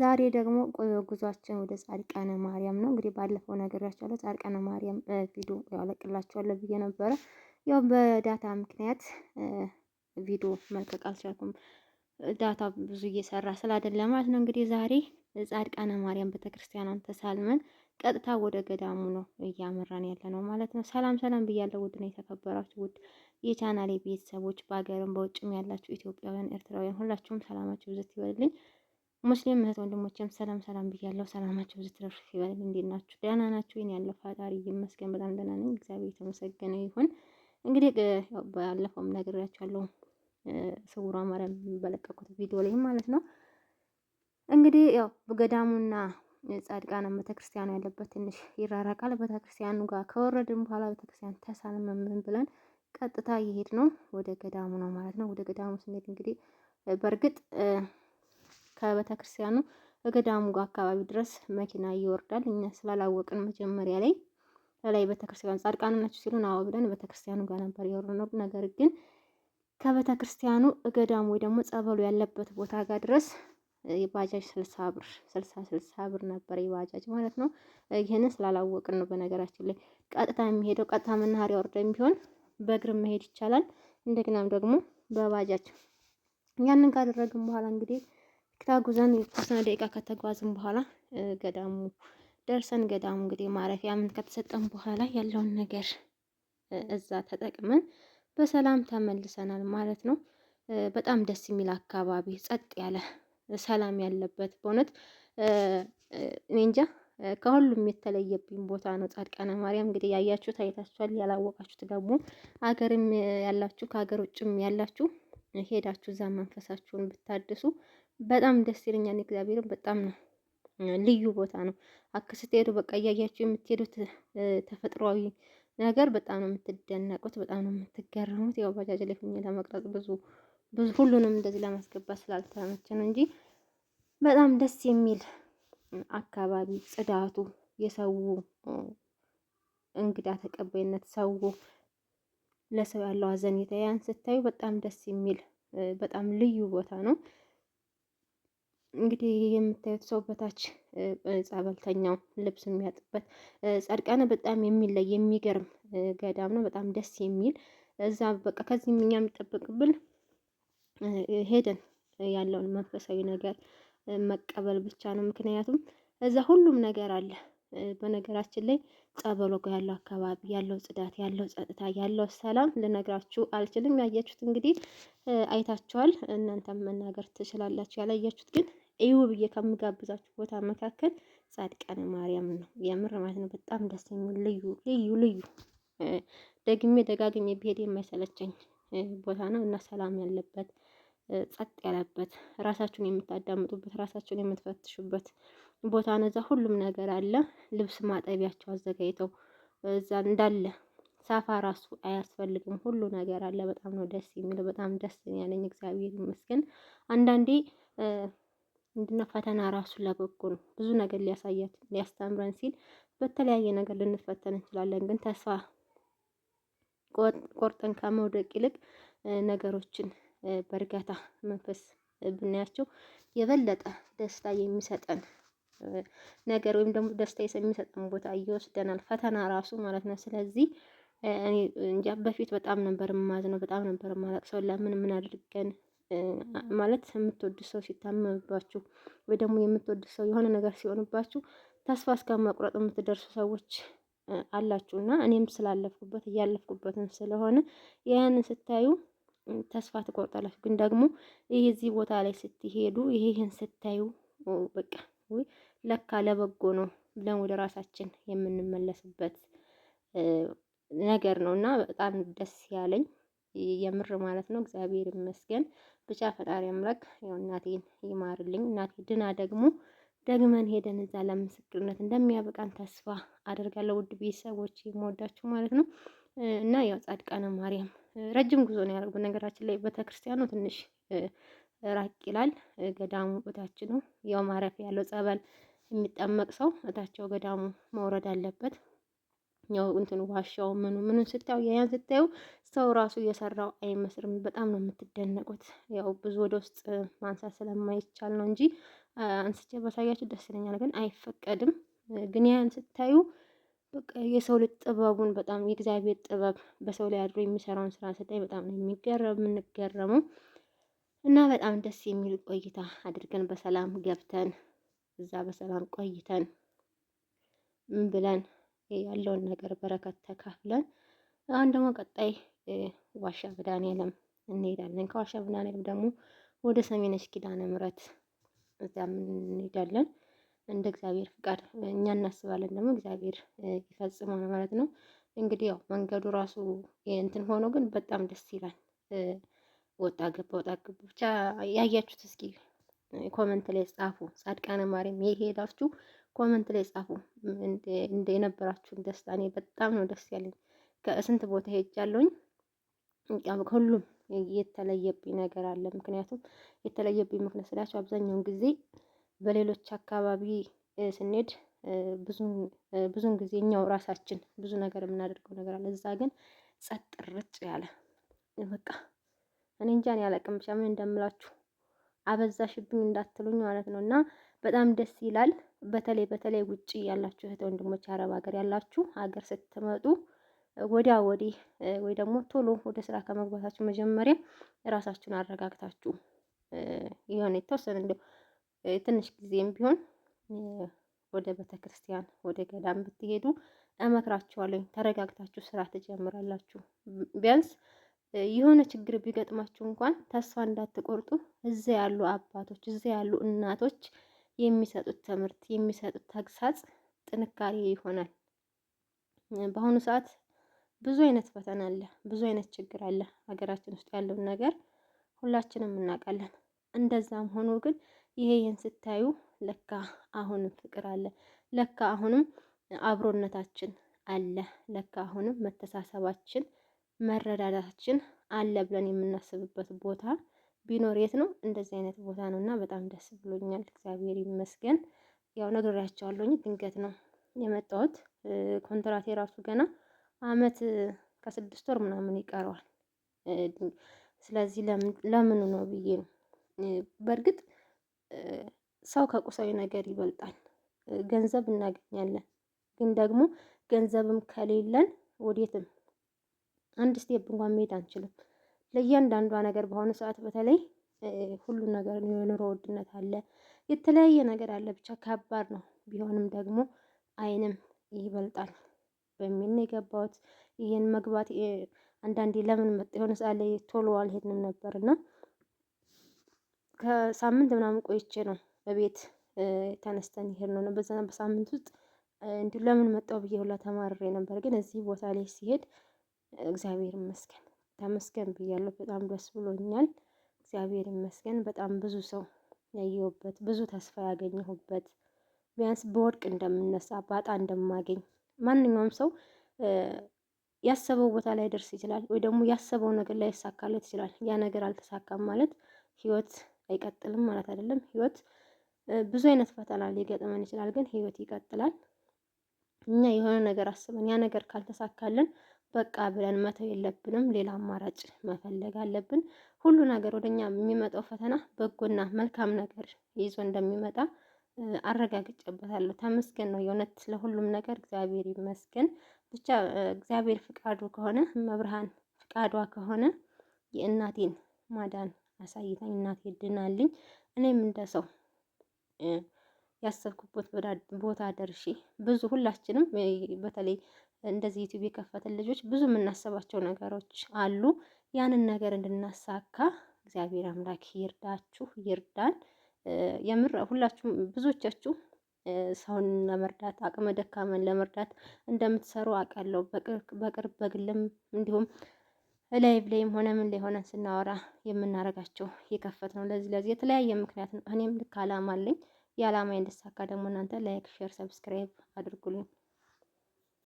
ዛሬ ደግሞ ጉዟችን ወደ ጻድቃነ ማርያም ነው። እንግዲህ ባለፈው ነግሬያቸዋለሁ። ጻድቃነ ማርያም ቪዲዮ ያለቅላቸዋለሁ ብዬ ነበረ። ያው በዳታ ምክንያት ቪዲዮ መልቀቅ አልቻልኩም። ዳታ ብዙ እየሰራ ስላደለ ማለት ነው። እንግዲህ ዛሬ ጻድቃነ ማርያም ቤተክርስቲያኗን ተሳልመን ቀጥታ ወደ ገዳሙ ነው እያመራን ያለ ነው ማለት ነው። ሰላም ሰላም ብያለሁ። ውድ ነው የተከበራችሁ ውድ የቻናሌ ቤተሰቦች በሀገርም በውጭም ያላችሁ ኢትዮጵያውያን፣ ኤርትራውያን ሁላችሁም ሰላማችሁ ብዘት ይበልልኝ። ሙስሊም እህት ወንድሞቼም ሰላም ሰላም ብያለሁ። ሰላማችሁ ብዙ ትረፍ ይበል። እንዴት ናችሁ? ደህና ናችሁ? ይን ያለው ፈጣሪ ይመስገን በጣም ደህና ነኝ። እግዚአብሔር የተመሰገነ ይሁን። እንግዲህ ባለፈውም ነግሬያችኋለሁ ስውሯ ማርያም በለቀቁት ቪዲዮ ላይ ማለት ነው። እንግዲህ ያው ገዳሙና ጻድቃን ቤተክርስቲያኑ ያለበት ትንሽ ይራራቃል። ቤተክርስቲያኑ ጋር ከወረድን በኋላ ቤተክርስቲያን ተሳልመምን ብለን ቀጥታ እየሄድ ነው ወደ ገዳሙ ነው ማለት ነው። ወደ ገዳሙ ስንሄድ እንግዲህ በእርግጥ ከቤተክርስቲያኑ ከገዳሙ ጋር አካባቢ ድረስ መኪና ይወርዳል። እኛ ስላላወቅን መጀመሪያ ላይ ከላይ ቤተክርስቲያን ጻድቃን ናችሁ ሲሉን አዎ ብለን ቤተክርስቲያኑ ጋር ነበር የወረድነው። ነገር ግን ከቤተክርስቲያኑ እገዳም ወይ ደግሞ ጸበሉ ያለበት ቦታ ጋር ድረስ የባጃጅ ስልሳ ብር ስልሳ ስልሳ ብር ነበር የባጃጅ ማለት ነው። ይህንን ስላላወቅን ነው። በነገራችን ላይ ቀጥታ የሚሄደው ቀጥታ መናኸሪያ ወርደን ቢሆን በእግር መሄድ ይቻላል። እንደገናም ደግሞ በባጃጅ ያንን ካደረግን በኋላ እንግዲህ ከታጉዘን የተወሰነ ደቂቃ ከተጓዝን በኋላ ገዳሙ ደርሰን ገዳሙ እንግዲህ ማረፊያ ምን ከተሰጠን በኋላ ያለውን ነገር እዛ ተጠቅመን በሰላም ተመልሰናል ማለት ነው። በጣም ደስ የሚል አካባቢ፣ ጸጥ ያለ ሰላም ያለበት በእውነት እኔ እንጃ ከሁሉም የተለየብኝ ቦታ ነው ጻድቃነ ማርያም። እንግዲህ ያያችሁ አይታችኋል፣ ያላወቃችሁት ደግሞ አገርም ያላችሁ ከሀገር ውጭም ያላችሁ ሄዳችሁ እዛ መንፈሳችሁን ብታድሱ በጣም ደስ ይለኛል። እግዚአብሔርን በጣም ነው ልዩ ቦታ ነው። አክ በቃ እያያችሁ የምትሄዱት ተፈጥሯዊ ነገር በጣም ነው የምትደነቁት፣ በጣም ነው የምትገረሙት። ያው ባጃጅ ላይ ሆኜ ለመቅረጽ ብዙ ብዙ ሁሉንም እንደዚህ ለማስገባት ስላልተመቸ ነው እንጂ በጣም ደስ የሚል አካባቢ፣ ጽዳቱ፣ የሰው እንግዳ ተቀባይነት፣ ሰው ለሰው ያለው አዘኔታ ያን ስታዩ በጣም ደስ የሚል በጣም ልዩ ቦታ ነው። እንግዲህ ይህ የምታዩት ሰው በታች ጸበልተኛው ልብስ የሚያጥበት ጻድቃነ በጣም የሚለይ የሚገርም ገዳም ነው። በጣም ደስ የሚል እዛ በቃ ከዚህ እኛ የሚጠበቅብን ሄደን ያለውን መንፈሳዊ ነገር መቀበል ብቻ ነው። ምክንያቱም እዛ ሁሉም ነገር አለ። በነገራችን ላይ ጸበሎ ጋ ያለው አካባቢ ያለው ጽዳት፣ ያለው ጸጥታ፣ ያለው ሰላም ልነግራችሁ አልችልም። ያያችሁት እንግዲህ አይታችኋል፣ እናንተም መናገር ትችላላችሁ። ያላያችሁት ግን እዩ ብዬ ከምጋብዛችሁ ቦታ መካከል ጻድቃነ ማርያም ነው። የምር ማለት ነው። በጣም ደስ የሚል ልዩ ልዩ ልዩ ደግሜ ደጋግሜ ብሄድ የማይሰለቸኝ ቦታ ነው እና ሰላም ያለበት ጸጥ ያለበት ራሳችሁን የምታዳምጡበት ራሳችሁን የምትፈትሹበት ቦታ ነው። እዛ ሁሉም ነገር አለ። ልብስ ማጠቢያቸው አዘጋጅተው እዛ እንዳለ ሳፋ ራሱ አያስፈልግም። ሁሉ ነገር አለ። በጣም ነው ደስ የሚለው። በጣም ደስ ያለኝ እግዚአብሔር ይመስገን። አንዳንዴ ምንድነው ፈተና ራሱ ለበጎ ነው። ብዙ ነገር ሊያሳያት ሊያስተምረን ሲል በተለያየ ነገር ልንፈተን እንችላለን። ግን ተስፋ ቆርጠን ከመውደቅ ይልቅ ነገሮችን በእርጋታ መንፈስ ብናያቸው የበለጠ ደስታ የሚሰጠን ነገር ወይም ደግሞ ደስታ የሚሰጠን ቦታ እየወስደናል ፈተና ራሱ ማለት ነው። ስለዚህ እኔ እንጃ በፊት በጣም ነበር የማዝነው፣ በጣም ነበር የማለቅሰው። ለምን ምን አድርገን ማለት የምትወዱ ሰው ሲታመምባችሁ ወይ ደግሞ የምትወዱ ሰው የሆነ ነገር ሲሆንባችሁ ተስፋ እስከ መቁረጥ የምትደርሱ ሰዎች አላችሁ እና እኔም ስላለፍኩበት እያለፍኩበትን ስለሆነ ያንን ስታዩ ተስፋ ትቆርጣላችሁ። ግን ደግሞ ይህ እዚህ ቦታ ላይ ስትሄዱ ይህን ስታዩ በቃ ወይ ለካ ለበጎ ነው ብለን ወደ ራሳችን የምንመለስበት ነገር ነው እና በጣም ደስ ያለኝ የምር ማለት ነው። እግዚአብሔር ይመስገን። ብቻ ፈጣሪ አምላክ ያው እናቴን ይማርልኝ። እናቴ ድና ደግሞ ደግመን ሄደን እዛ ለምስክርነት እንደሚያበቃን ተስፋ አደርጋለሁ። ውድ ቤተሰቦች የምወዳችሁ ማለት ነው እና ያው ጻድቃነ ማርያም ረጅም ጉዞ ነው ያደረጉት። ነገራችን ላይ ቤተክርስቲያኑ ትንሽ ራቅ ይላል። ገዳሙ እታች ነው ያው ማረፊያ ያለው ጸበል የሚጠመቅ ሰው እታቸው ገዳሙ መውረድ አለበት። ያው እንትን ዋሻው ምኑ ምኑ ስታዩ ያን ስታዩ ሰው ራሱ የሰራው አይመስልም። በጣም ነው የምትደነቁት። ያው ብዙ ወደ ውስጥ ማንሳት ስለማይቻል ነው እንጂ አንስቼ ባሳያችሁ ደስ ይለኛል፣ ግን አይፈቀድም። ግን ያን ስታዩ በቃ የሰው ልጅ ጥበቡን በጣም የእግዚአብሔር ጥበብ በሰው ላይ አድሮ የሚሰራውን ስራ ስታይ በጣም ነው የሚገረም የምንገረመው እና በጣም ደስ የሚል ቆይታ አድርገን በሰላም ገብተን እዛ በሰላም ቆይተን ምን ብለን ያለውን ነገር በረከት ተካፍለን አሁን ደግሞ ቀጣይ ዋሻ መድኃኔዓለም እንሄዳለን። ከዋሻ መድኃኔዓለም ደግሞ ወደ ሰሜነሽ ኪዳነ ምሕረት እዚያም እንሄዳለን። እንደ እግዚአብሔር ፍቃድ እኛ እናስባለን፣ ደግሞ እግዚአብሔር ይፈጽመው ነው ማለት ነው። እንግዲህ ያው መንገዱ ራሱ እንትን ሆኖ ግን በጣም ደስ ይላል። ወጣ ገባ ወጣ ገባ ብቻ ያያችሁት እስኪ ኮመንት ላይ ጻፉ። ጻድቃነ ማርያም የሄዳችሁ ኮመንት ላይ ጻፉ። የነበራችሁን ደስታ እኔ በጣም ነው ደስ ያለኝ። ከስንት ቦታ ሄጃለሁኝ። ሁሉም የተለየብኝ ነገር አለ። ምክንያቱም የተለየብኝ ምክንያት ስላቸው አብዛኛውን ጊዜ በሌሎች አካባቢ ስንሄድ ብዙን ጊዜ እኛው ራሳችን ብዙ ነገር የምናደርገው ነገር አለ። እዛ ግን ጸጥ ርጭ ያለ በቃ እኔ እንጃን ያለቅም ብቻ ምን እንደምላችሁ አበዛሽብኝ እንዳትሉኝ ማለት ነው እና በጣም ደስ ይላል። በተለይ በተለይ ውጭ ያላችሁ እህት ወንድሞች፣ አረብ ሀገር ያላችሁ ሀገር ስትመጡ ወዲያ ወዲህ ወይ ደግሞ ቶሎ ወደ ስራ ከመግባታችሁ መጀመሪያ ራሳችሁን አረጋግታችሁ የሆነ የተወሰነ እንደ ትንሽ ጊዜም ቢሆን ወደ ቤተክርስቲያን ወደ ገዳም ብትሄዱ እመክራችኋለሁ። ተረጋግታችሁ ስራ ትጀምራላችሁ ቢያንስ የሆነ ችግር ቢገጥማችሁ እንኳን ተስፋ እንዳትቆርጡ። እዚ ያሉ አባቶች፣ እዚ ያሉ እናቶች የሚሰጡት ትምህርት የሚሰጡት ተግሳጽ ጥንካሬ ይሆናል። በአሁኑ ሰዓት ብዙ አይነት ፈተና አለ፣ ብዙ አይነት ችግር አለ። ሀገራችን ውስጥ ያለውን ነገር ሁላችንም እናውቃለን። እንደዛም ሆኖ ግን ይሄን ስታዩ ለካ አሁንም ፍቅር አለ፣ ለካ አሁንም አብሮነታችን አለ፣ ለካ አሁንም መተሳሰባችን መረዳዳታችን አለ ብለን የምናስብበት ቦታ ቢኖር የት ነው? እንደዚህ አይነት ቦታ ነው እና በጣም ደስ ብሎኛል። እግዚአብሔር ይመስገን። ያው ነግሬያቸዋለሁኝ ድንገት ነው የመጣሁት። ኮንትራቴ ራሱ ገና አመት ከስድስት ወር ምናምን ይቀረዋል። ስለዚህ ለምኑ ነው ብዬ ነው። በእርግጥ ሰው ከቁሳዊ ነገር ይበልጣል። ገንዘብ እናገኛለን፣ ግን ደግሞ ገንዘብም ከሌለን ወዴትም አንድ ስቴፕ እንኳን መሄድ አንችልም። ለእያንዳንዷ ነገር በአሁኑ ሰዓት በተለይ ሁሉ ነገር የኑሮ ውድነት አለ፣ የተለያየ ነገር አለ። ብቻ ከባድ ነው። ቢሆንም ደግሞ አይንም ይበልጣል በሚል ነው የገባሁት። ይህን መግባት አንዳንዴ ለምን መጣ የሆነ ሰዓት ላይ ቶሎ አልሄድንም ነበር እና ከሳምንት ምናምን ቆይቼ ነው በቤት ተነስተን ይሄድ ነው። በዛ በሳምንት ውስጥ እንዲሁ ለምን መጣው ብዬ ሁላ ተማርሬ ነበር። ግን እዚህ ቦታ ላይ ሲሄድ እግዚአብሔር ይመስገን ተመስገን ብያለሁ። በጣም ደስ ብሎኛል። እግዚአብሔር ይመስገን። በጣም ብዙ ሰው ያየሁበት፣ ብዙ ተስፋ ያገኘሁበት፣ ቢያንስ በወድቅ እንደምነሳ ባጣ እንደማገኝ ማንኛውም ሰው ያሰበው ቦታ ላይ ደርስ ይችላል፣ ወይ ደግሞ ያሰበው ነገር ላይ ይሳካለት ይችላል። ያ ነገር አልተሳካም ማለት ህይወት አይቀጥልም ማለት አይደለም። ህይወት ብዙ አይነት ፈተና ሊገጥመን ይችላል፣ ግን ህይወት ይቀጥላል። እኛ የሆነ ነገር አስበን ያ ነገር ካልተሳካልን በቃ ብለን መተው የለብንም። ሌላ አማራጭ መፈለግ አለብን። ሁሉ ነገር ወደኛ የሚመጣው ፈተና በጎና መልካም ነገር ይዞ እንደሚመጣ አረጋግጬበታለሁ። ተመስገን ነው የእውነት ለሁሉም ነገር እግዚአብሔር ይመስገን። ብቻ እግዚአብሔር ፍቃዱ ከሆነ መብርሃን ፍቃዷ ከሆነ የእናቴን ማዳን አሳይታኝ እናቴ ድናልኝ እኔም እንደ ሰው ያሰብኩበት ቦታ ደርሼ ብዙ ሁላችንም በተለይ እንደዚህ ዩቲዩብ የከፈትን ልጆች ብዙ የምናስባቸው ነገሮች አሉ። ያንን ነገር እንድናሳካ እግዚአብሔር አምላክ ይርዳችሁ፣ ይርዳን። የምር ሁላችሁም ብዙዎቻችሁ ሰውን ለመርዳት አቅመ ደካመን ለመርዳት እንደምትሰሩ አውቃለሁ። በቅርብ በግልም እንዲሁም ላይቭ ላይም ሆነ ምን ላይ ሆነን ስናወራ የምናረጋቸው የከፈት ነው። ለዚህ ለዚህ የተለያየ ምክንያት ነው። እኔም ልክ አላማ አለኝ። የአላማ እንድሳካ ደግሞ እናንተ ላይክ፣ ሼር፣ ሰብስክራይብ አድርጉልኝ።